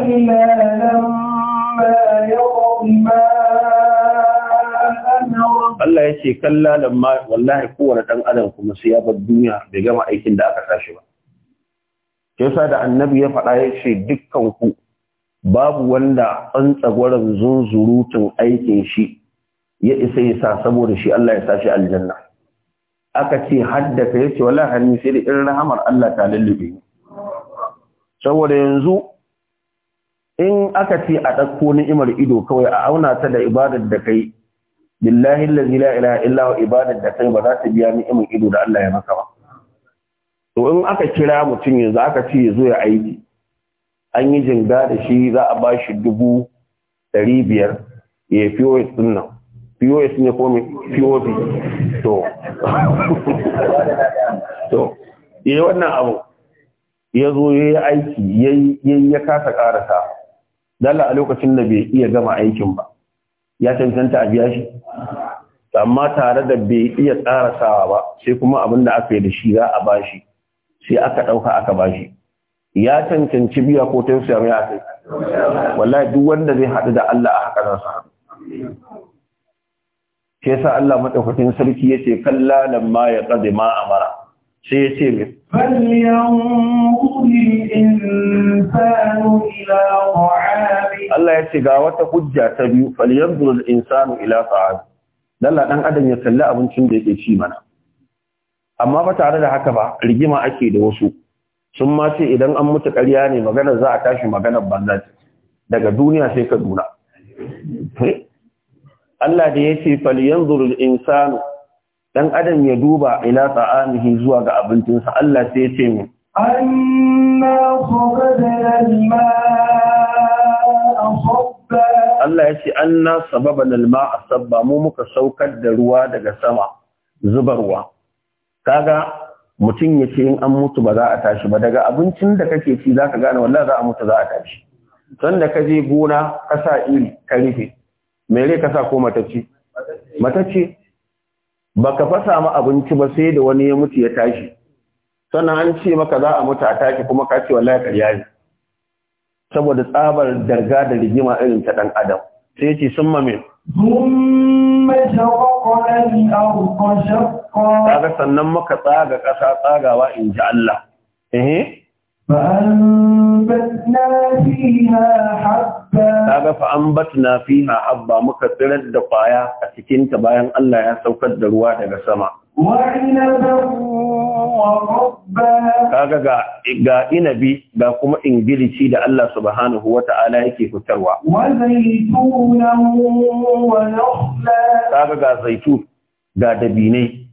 Allah ya ce kalla lamma wallahi kowane adam kuma sai ya bar duniya bai gama aikin da aka tashi ba sa da annabi ya faɗa ya ce dukkan ku babu wanda an tsagwaron zunzurutun aikin shi ya isa ya sa saboda shi Allah ya sashi aljanna aka ce hadda ka yace wallahi hannu sai da irin rahamar Allah ta lullube ni saboda yanzu in aka ce a ɗauko ni'imar ido kawai a auna ta da ibadar da kai billahi allazi la ilaha illa wa ibadar da kai ba za ta biya ni'imar ido da Allah ya maka ba to in aka kira mutum yanzu aka ce ya zo ya aiki an yi jinga da shi za a ba shi dubu ɗari biyar ya POS ɗin nan POS ne ko mai POS to to yi wannan abu ya zo ya yi aiki ya kasa karasa dala a lokacin da bai iya gama aikin ba ya cancanta a biya shi amma tare da bai iya karasawa ba sai kuma abin da aka yi da shi za a bashi sai aka ɗauka aka bashi ya cancanci biya ko ta yi ya kai. wallahi duk wanda zai haɗu da Allah a haka za su ke sa Allah maɗaukakin sarki ya ce kalla lamma ya ƙazi ma amara sai ya ce Allah ya ce ga wata hujja ta biyu falyanzur al-insanu ila sa’ad, lalla ɗan adam ya kalli abincin da yake ci mana amma ba tare da haka ba rigima ake da wasu sun ma ce idan an mutu ƙarya ne magana za a tashi magana banza daga duniya sai ka duna Allah da ya ce falyanzur al-insanu dan adam ya duba ila ta'amihi zuwa ga abincinsa Allah sai ya ce mu anna al-ma'a asabba Allah ya ce anna sababna al sabba mu muka saukar da ruwa daga sama zubarwa kaga mutum ya ce in an mutu ba za a tashi ba daga abincin da kake ci za ka gane wallahi za a mutu za a tashi don da ka je gona ka sa iri ka rufe rai ka sa ko matacce matacce Ba ka fasa ma abinci ba sai da wani ya mutu ya tashi sannan an ce maka za a mutu a tashi kuma ka ce wallahi ƙarya ne saboda tsabar darga da rigima irin ta dan adam sai yace sun mame ga sannan maka tsaga ƙasa tsagawa in ji Allah eh فأنبتنا فيها حبا na fi abba muka tsirar da kwaya a cikinta bayan Allah ya saukar da ruwa daga sama kaga ga ga inabi ga kuma ingilici da Allah subhanahu wata'ala yake fitarwa kaga ga zaitun ga dabinai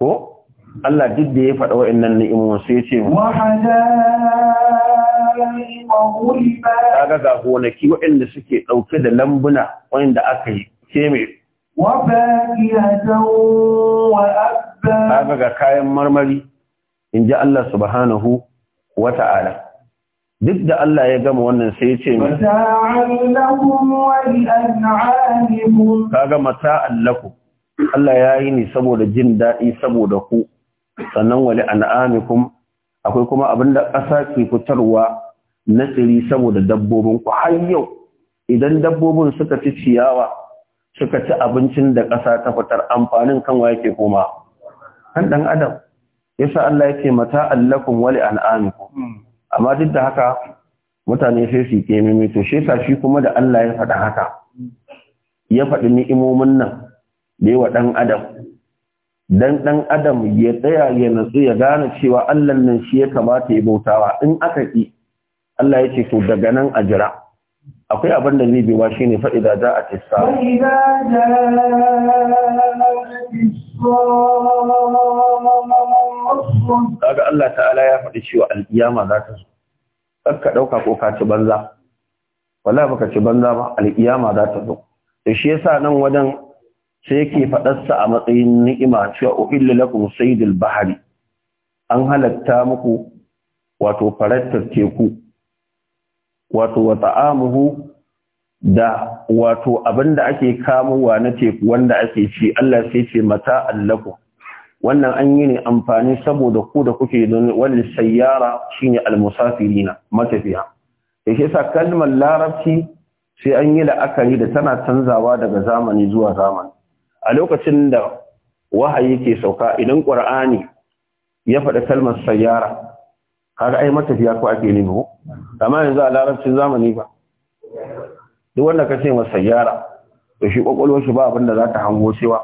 ko Allah duk da ya faɗa wa'annan ni'imomin sai ya ce kaga ga gonaki waɗanda suke ɗauke da lambuna waɗanda aka yi keme Ka ga kayan marmari in ji Allah subhanahu wa ta'ala duk da Allah ya gama wannan sai ya ce Ka ga mata'allakum Allah ya yi ni saboda jin daɗi saboda ku sannan wali an'amikum akwai kuma abin da ƙasa ke fitarwa na tsiri saboda dabbobin ku har yau idan dabbobin suka ci ciyawa suka ci abincin da ƙasa ta fitar amfanin kanwa yake koma kan dan adam yasa Allah yake mata allakum wali an'amikum amma duk da haka mutane sai su ke mimi to shi sa shi kuma da Allah ya faɗa haka ya faɗi ni'imomin nan da yawa ɗan adam dan dan adam ya tsaya ya nutsu ya gane cewa Allah nan shi ya kamata ya bautawa in aka ki Allah ya ce to daga nan a jira akwai abin da zai biwa shi ne fa'ida za a tisa daga Allah ta'ala ya faɗi cewa al'iyama za ta zo ka ɗauka ko ka ci banza wala baka ci banza ba al'iyama za ta zo da shi yasa nan wajen sai yake faɗarsa a matsayin ni'ima cewa uhilla lakum saydul bahari an halatta muku wato farattar teku wato wa ta'amuhu da wato abinda ake kamowa na teku wanda ake ci Allah sai ce mata allaku wannan an yi ne amfani saboda ku da kuke don wani sayyara shine almusafirina matafiya yake sa kalmar larabci sai an yi la'akari da tana canzawa daga zamani zuwa zamani a lokacin da wahayi ke sauka idan ƙwar'ani ya faɗi kalmar sayyara kaga ai matafiya ko ake nemo amma yanzu a larabcin zamani ba duk wanda ka ce masa sayyara to shi kwakwalwar shi ba abin da za ta hango cewa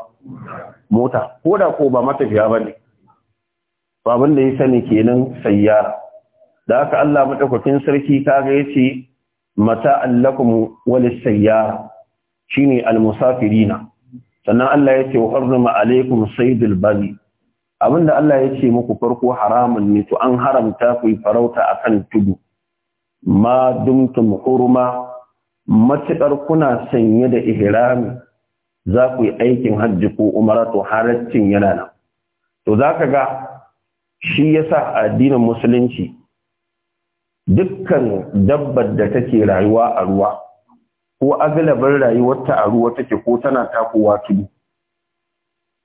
mota ko da ko ba matafiya ba ne ba abin da ya sani kenan sayyara da haka Allah madaukakin sarki kaga yace mata allakum wal sayyara shine al musafirina sannan Allah ya ce wa harrama alaikum saydul bali abinda Allah ya ce muku farko haramun ne to an haramta ku farauta akan tudu ma dumtum hurma matuƙar kuna sanye da ihrami za ku yi aikin hajji ko umara to haraccin yana nan to za ka ga shi yasa addinin musulunci dukkan dabbar da take rayuwa a ruwa ko agalabar rayuwar ta a ruwa take ko tana takowa tudu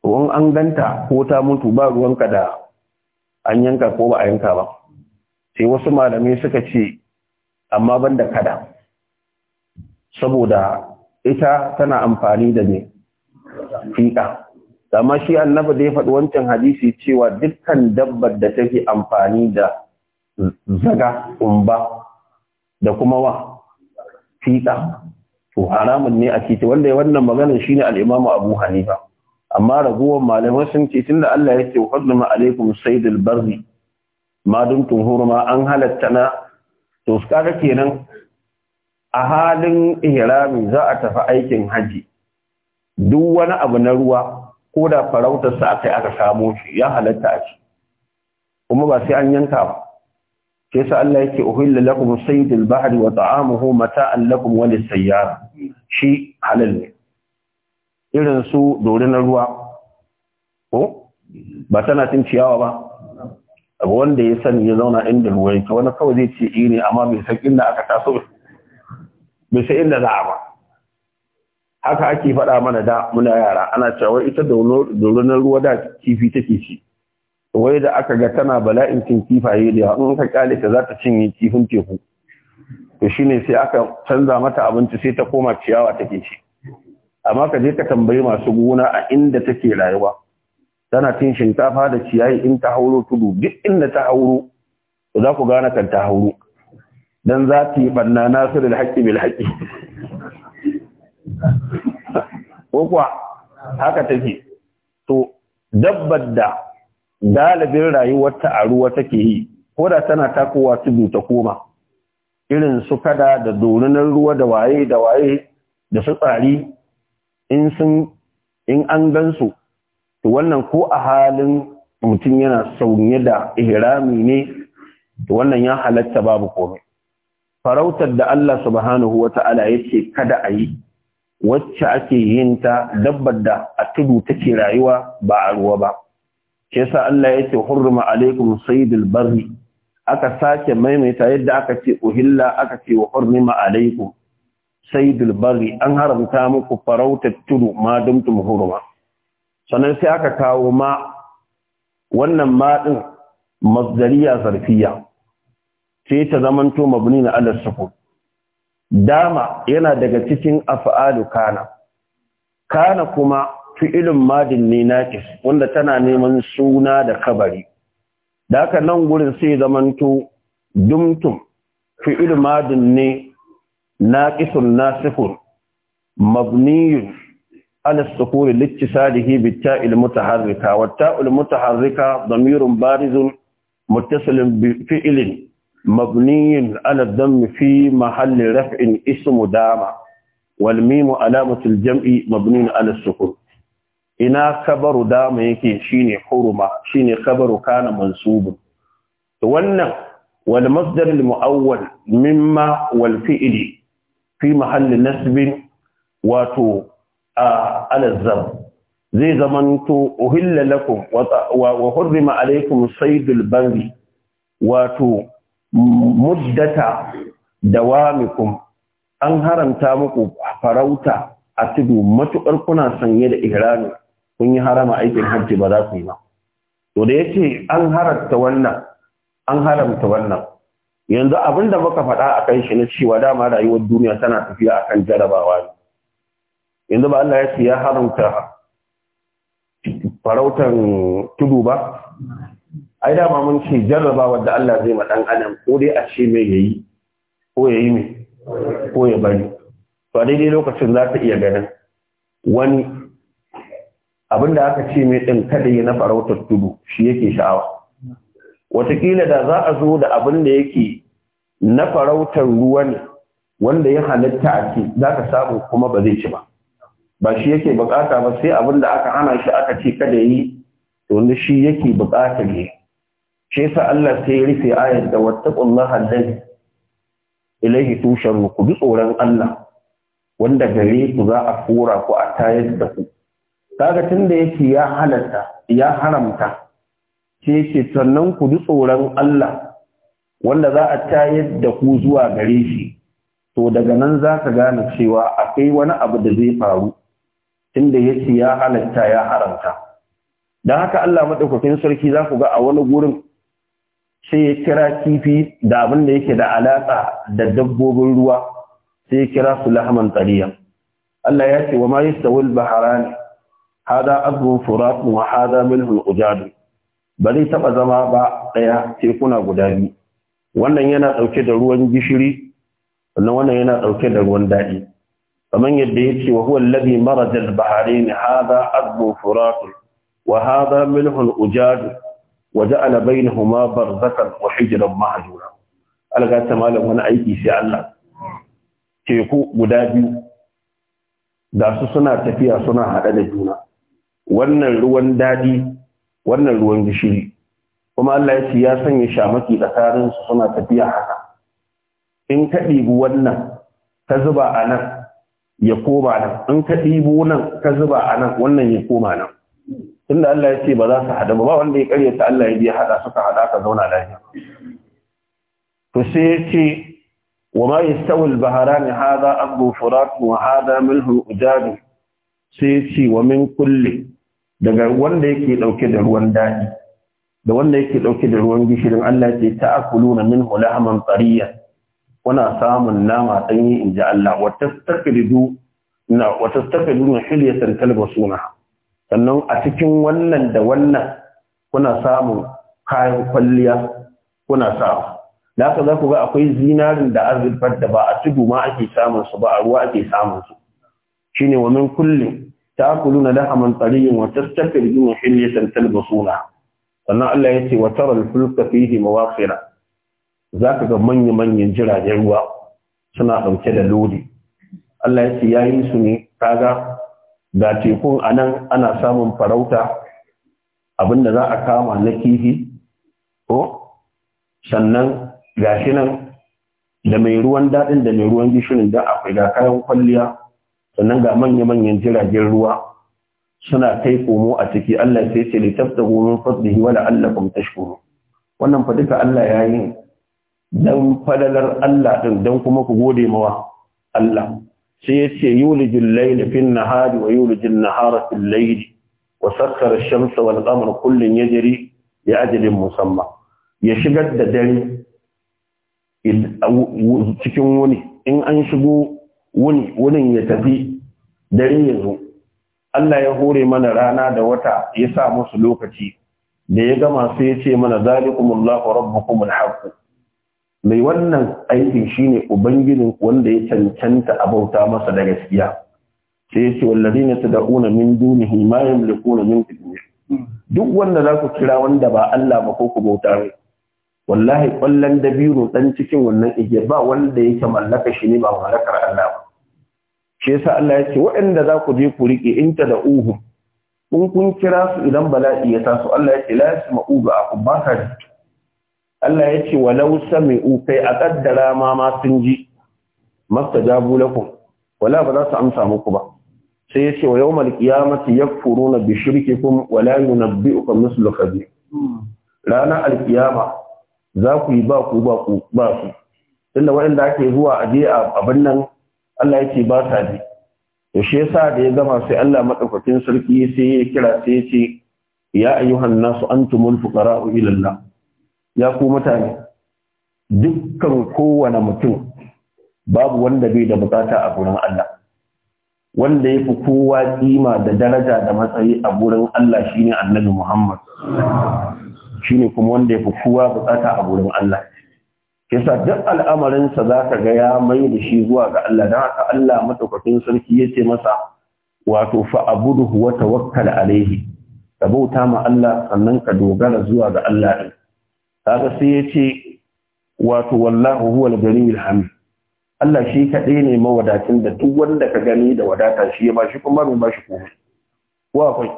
to in an ganta ko ta mutu ba ruwanka da an yanka ko ba a yanka ba sai wasu malamai suka ce amma banda kada saboda ita tana amfani da ne fiƙa amma shi annabi da ya faɗi wancan hadisi cewa dukkan dabbar da take amfani da zaga umba da kuma wa fiƙa to haramun ne a titi wanda wannan maganar shine al-Imam Abu Hanifa amma ragowar malamai sun ce tunda Allah ya ce hurma alaikum saydul barri ma dumtum hurma an halatta na to kaga kenan a halin ihrami za a tafi aikin haji duk wani abu na ruwa ko da farautar sa aka aka samo shi ya halatta a ci kuma ba sai an yanka ba sai sa Allah yake uhilla lakum saydul bahri wa ta'amuhu mata'an lakum wa lis-sayyara shi halal ne irin su dori na ruwa ko ba tana cin ciyawa ba wanda ya sani ya zauna inda ruwa yake wani kawai zai ce yi ne amma bai san inda aka taso bai san inda za a ba haka ake faɗa mana da muna yara ana cewa ita da ruwa da kifi take ci wai da aka ga tana bala'in cin kifaye da ya ka kyale ta za ta cinye kifin teku to shine sai aka canza mata abinci sai ta koma ciyawa take ci amma ka je ka tambayi masu gona a inda take rayuwa tana cin shinkafa da ciyayi in ta hauro tudu duk inda ta hauro to za ku gane kan ta hauro dan za ta yi banna nasirul haqqi bil haqqi ko kuwa haka take to dabbar da galibin rayuwar ta a ruwa take yi ko da tana takowa tudu ta koma irin su kada da dorinan ruwa da waye da waye da su tsari in sun in an gansu to wannan ko a halin mutum yana saunye da ihrami ne to wannan ya halatta babu komai farautar da Allah subhanahu wata'ala yace kada a yi wacce ake yin ta dabbar da a tudu take rayuwa ba a ruwa ba Ke sa Allah ya ce hurma alaikum sayyidul barri aka sake maimaita yadda aka ce uhilla aka ce wa hurma alaikum sayyidul barri an haramta muku farautar tudu ma dumtum hurma sannan sai aka kawo ma wannan ma din masdariya zarfiya sai ta zamanto mabni na alal sukun dama yana daga cikin af'alu kana kana kuma fi madin ne naƙis wanda tana neman suna da kabari. Da haka nan gurin sai zamanto dumtum fi ilin madin ne naƙisun nasifun mabniyun alistakuri littisa da hibita ilmuta harrika. Wata ilmuta harrika zamirin barizun mutasalin fi ilin mabniyun alazammi fi mahallin raf'in ismu dama. والميم علامة jam'i مبنين على السكون ina kabaru dama yake shine huruma shine kabaru kana mansubun to wannan wal masdar al muawwal mimma wal fi'li fi mahall nasb wato al zam zai zamanto uhilla lakum wa hurrima alaykum saydul wa wato muddata dawamikum an haramta muku farauta a tudu matukar kuna sanye da ihrami kun yi harama aikin hajji ba za su yi ba to da yace an haramta wannan an haramta wannan yanzu abin da muka faɗa a kan shi na cewa dama rayuwar duniya tana tafiya a kan jarabawa ne yanzu ba Allah ya ce ya haramta farautan tudu ba ai dama mun ce jarrabawar da Allah zai ma ɗan adam ko dai a ce mai yayi ko ya yi mai ko ya bari to daidai lokacin za ta iya ganin wani da aka ce mai ɗin kada yi na farautar tudu shi yake sha'awa watakila da za a zo da abin da yake na farautar ruwa ne wanda ya halitta a ci za ka samu kuma ba zai ci ba ba shi yake bukata ba sai abin da aka hana shi aka ce kada yi wanda shi yake bukata ne shi yasa Allah sai ya rufe ayar da wattaqullaha allazi ilayhi tusharun ku bi tsoron Allah wanda gare ku za a kora ku a tayar da ku kaga tunda yake ya halatta ya haramta ce ce, sannan ku ji tsoron Allah wanda za a tayar da ku zuwa gare shi to daga nan za ka gane cewa akwai wani abu da zai faru tunda yake ya halatta ya haramta dan haka Allah madaukakin sarki za ku ga a wani gurin sai ya kira kifi da abin da yake da alaƙa da dabbobin ruwa sai ya kira su lahaman tsariya Allah ya ce wa ma yastawil baharani hada azbun furat wa hada milhul ujadu ba zai taba zama ba daya tekuna guda biyu wannan yana dauke da ruwan gishiri sannan wannan yana dauke da ruwan dadi kamar yadda yake wa huwa alladhi maraja al ne hada azbun furat wa hada milhul ujadu وجعل بينهما برزخا وحجرا محجورا alga ta malam wani aiki sai Allah teku guda biyu da su suna tafiya suna hada da juna wannan ruwan dadi wannan ruwan gishiri kuma Allah ya ce ya sanya shamaki tsakanin su suna tafiya haka in ka ɗibi wannan ka zuba a nan ya koma nan in ka ɗibo nan ka zuba a nan wannan ya koma nan tunda Allah ya ce ba za su haɗu ba Ba wanda ya karyata Allah ya biya haɗa suka haɗa ka zauna lafiya to sai ya ce wa وما يستوي wa هذا Milhu فرات وهذا ya ce wa min كل daga wanda yake dauke da ruwan dadi da wanda yake dauke da ruwan gishirin Allah ce ta'kuluna minhu lahman tariya kuna samun nama danye inji Allah wa tastakridu na wa tastakriduna hilyatan sannan a cikin wannan da wannan kuna samun kayan kwalliya kuna samu da haka za ku ga akwai zinarin da azurfar da ba a tudu ma ake samun su ba a ruwa ake samun su shine wa min kullin تأكلون لحما طريا وتستخرجون حلية تلبسونها sannan Allah ya ce wa taral fulka fihi mawaqira zaka ga manya manyan jiragen ruwa suna dauke da lodi Allah ya ce yayin su ne kaga ga tekun anan ana samun farauta abinda za a kama na kifi ko sannan gashi nan da mai ruwan dadin da mai ruwan gishirin da akwai ga kayan kwalliya sannan ga manya-manyan jiragen ruwa suna kai komo a ciki Allah sai ce li taftahu min fadlihi wa la'allakum tashkurun wannan fa duka Allah ya yi dan fadalar Allah din dan kuma ku gode mawa Allah sai yace yulijul layla fin nahari wa yulijul nahara fil layli wa sakkara ash-shamsa wal qamara kullun yajri li ajalin musamma ya shigar da dare cikin wuni in an shigo wuni wunin ya tafi dare ya zo Allah ya hore mana rana da wata ya sa musu lokaci da ya gama sai ya ce mana zalikumullahu rabbukum alhaq mai wannan aikin shine ubangijin wanda ya cancanta a bauta masa da gaskiya sai ya ce wallazina tad'una min dunihi ma yamlikuna min qitmir duk wanda za ku kira wanda ba Allah ba ko ku bauta mai wallahi kwallon dabiru dan cikin wannan igiyar ba wanda yake mallaka shi ne ba mallakar Allah ba shi yasa Allah ya ce waɗanda za ku je ku rike inta da uhu kun kun kira su idan bala'i ya taso Allah ya ce la yasma'u ba ku ba ka Allah ya ce walau u kai a kaddara ma ma sun ji mastajabu lakum wala ba za su amsa muku ba sai ya ce wa yau malkiyamati ya furu bishirki kun walayu na biyu kan musulun alkiyama za ku yi ba ku ba ku ba tunda waɗanda ake zuwa a je a abin nan Allah yake ba ta ji to shi yasa da ya gama sai Allah madaukakin sarki sai ya kira sai ya ce ya ayyuhan nasu antumul fuqara'u ila Allah ya ku mutane dukkan kowane mutum babu wanda bai da bukata a gurin Allah wanda ya kowa kima da daraja da matsayi a gurin Allah shine Annabi Muhammad shine kuma wanda yafi kowa bukata a gurin Allah kisa duk al'amarinsa za ka ga ya mai da shi zuwa ga Allah don haka Allah maɗaukakin sarki ya ce masa wato fa abudu wa tawakkal alaihi ka bauta ma Allah sannan ka dogara zuwa ga Allah ɗin kaga sai ya ce wato wallahu huwal ganiyul hamid Allah shi kaɗai ne mawadacin da duk wanda ka gani da wadata shi ya bashi kuma bai bashi komai ko akwai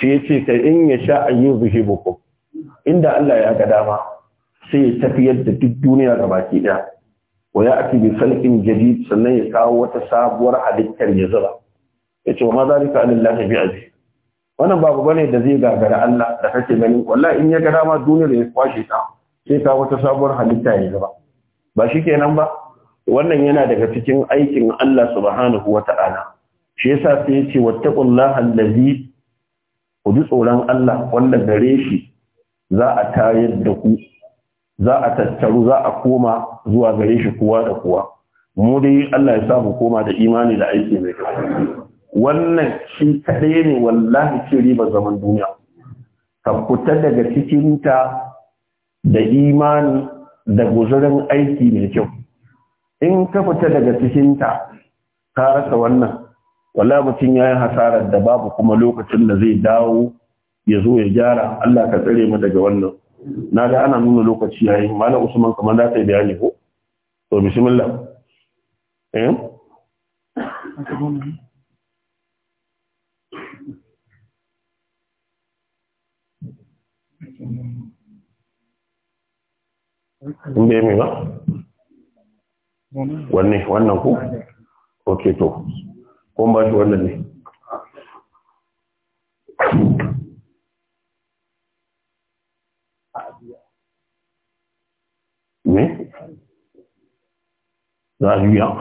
shi ya ce kai in ya sha ayyuzuhibukum inda Allah ya ga dama sai ya tafiyar da duk duniya ga baki ɗaya wa ya ake bi falkin sannan ya kawo wata sabuwar halittar ya zuba ya ce wa ma zalika alillahi bi aji. wannan babu bane da zai gagara Allah da kake ganin wallahi in ya ga dama duniyar ya kwashe ta sai kawo wata sabuwar halitta ya zuba ba shi kenan ba wannan yana daga cikin aikin Allah subhanahu wa ta'ala shi yasa sai ya ce wattaqullaha allazi ku ji tsoron Allah wanda gare shi za a tayar da ku za a tattaru za a koma zuwa gare shi kowa da kowa mu dai Allah ya sa mu koma da imani da aiki mai kyau wannan shi kadai ne wallahi ce riba zaman duniya ka fita daga cikin ta da imani da guzurin aiki mai kyau in ka fita daga cikin ta ka rasa wannan wallahi mutum yayi hasarar da babu kuma lokacin da zai dawo ya zo ya gyara Allah ka tsare mu daga wannan na ga ana nuna lokaci ma. malam usman kamar za ta yi bayani ko to bismillah eh in bai ba wanne wannan ku ok to kuma ba shi wannan ne Ça lui, hein.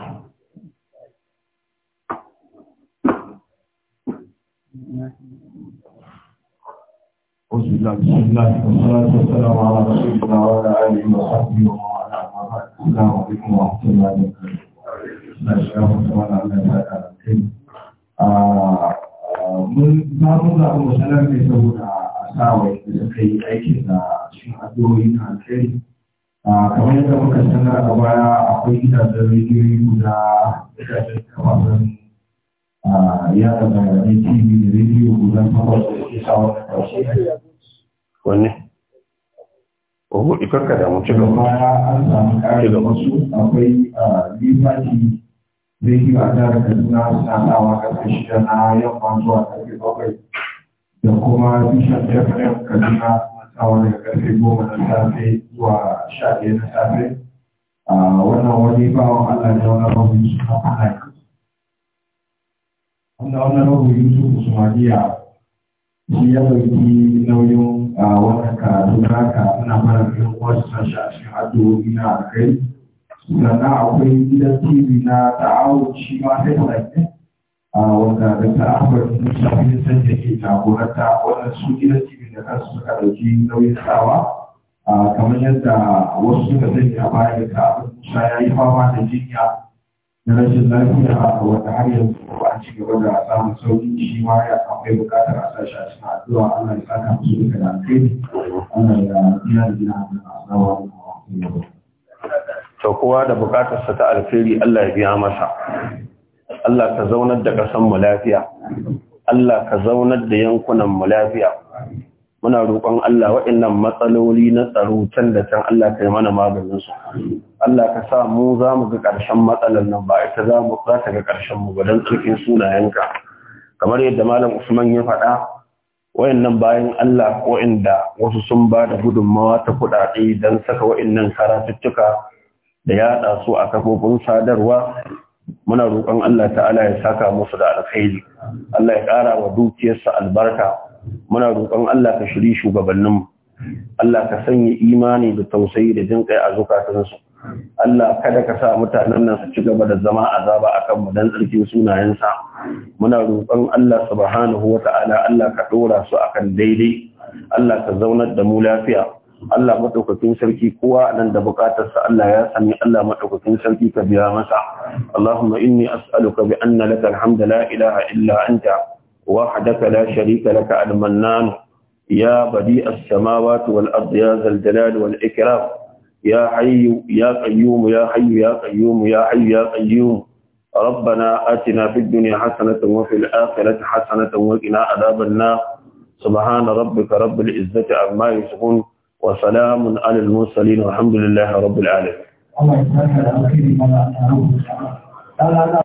بسم الله بسم الله والصلاة والسلام على رسول الله وعلى آله وصحبه وعلى آله السلام عليكم ورحمة الله وبركاته. mun ba mu za mu sanar ne saboda a sa da suka yi aikin da shi addu'o'i na alkhairi Ah, kamar yadda muka sanar a baya akwai gidajen rediyoyi guda gidajen kafafen ah, yada bayanai tv da rediyo guda da ke sa wani ƙarshe wani ogo ikarka da mutu ga baya an samu ga wasu akwai ah, liberty rediyo a jihar kaduna suna sawa ƙarfe shida na yamma zuwa ƙarfe bakwai da kuma bishop fm kaduna suna sawa daga ƙarfe goma na safe zuwa sha biyar na safe a wannan wani bawan Allah ne wannan rabu Yusuf na Allah wanda wannan rabu Yusuf Usmaniya shi ya ɗauki nauyin wannan karatu na haka suna fara yin wasu sashi a cikin addu'o'i na alkai sannan akwai gidan tv na ta'awun shi ma sai sake wanda da ta ahmad musa bin da ke jagoranta wannan su gidan tv da kansu suka ɗauki nauyin sawa Ah, kamar yadda wasu suka sani a baya da abin musa ya yi fama da jinya na rashin lafiya wanda har yanzu ba a ci gaba a samun sauƙi shi ma ya akwai buƙatar a sashi a cikin addu'a Allah ya saka musu duka da alkhairi Allah ya biya da gina da azawa to kowa da buƙatarsa ta alkhairi Allah ya biya masa Allah ka zaunar da ƙasar mu lafiya Allah ka zaunar da yankunan mu lafiya muna roƙon Allah waɗannan matsaloli na tsaro can da can Allah ka yi mana maganinsu. Allah ka sa mu za mu ga ƙarshen matsalar nan ba ita za mu za ta ga ƙarshen mu ba don sunayenka. Kamar yadda Malam Usman ya faɗa, wayannan bayan Allah waɗanda wasu sun ba da gudunmawa ta kuɗaɗe don saka waɗannan karatuttuka da yaɗa su a kafofin sadarwa muna roƙon Allah ta'ala ya saka musu da alkhairi Allah ya ƙara wa dukiyarsa albarka muna roƙon Allah ka shiri mu. Allah ka sanya imani da tausayi da jin kai a zukatansu Allah kada ka sa mutanen nan su ci gaba da zama azaba akan mu dan tsarkin sunayensa muna roƙon Allah subhanahu wata'ala Allah ka dora su akan daidai Allah ka zaunar da mu lafiya Allah madaukakin sarki kowa nan da bukatarsa Allah ya sani Allah madaukakin sarki ka biya masa Allahumma inni as'aluka bi anna laka hamda la ilaha illa anta وحدك لا شريك لك المنان يا بديع السماوات والأرض يا ذا الجلال والإكرام يا حي يا قيوم يا حي يا قيوم يا حي يا قيوم ربنا آتنا في الدنيا حسنة وفي الآخرة حسنة وقنا عذاب النار سبحان ربك رب العزة عما يصفون وسلام على المرسلين والحمد لله رب العالمين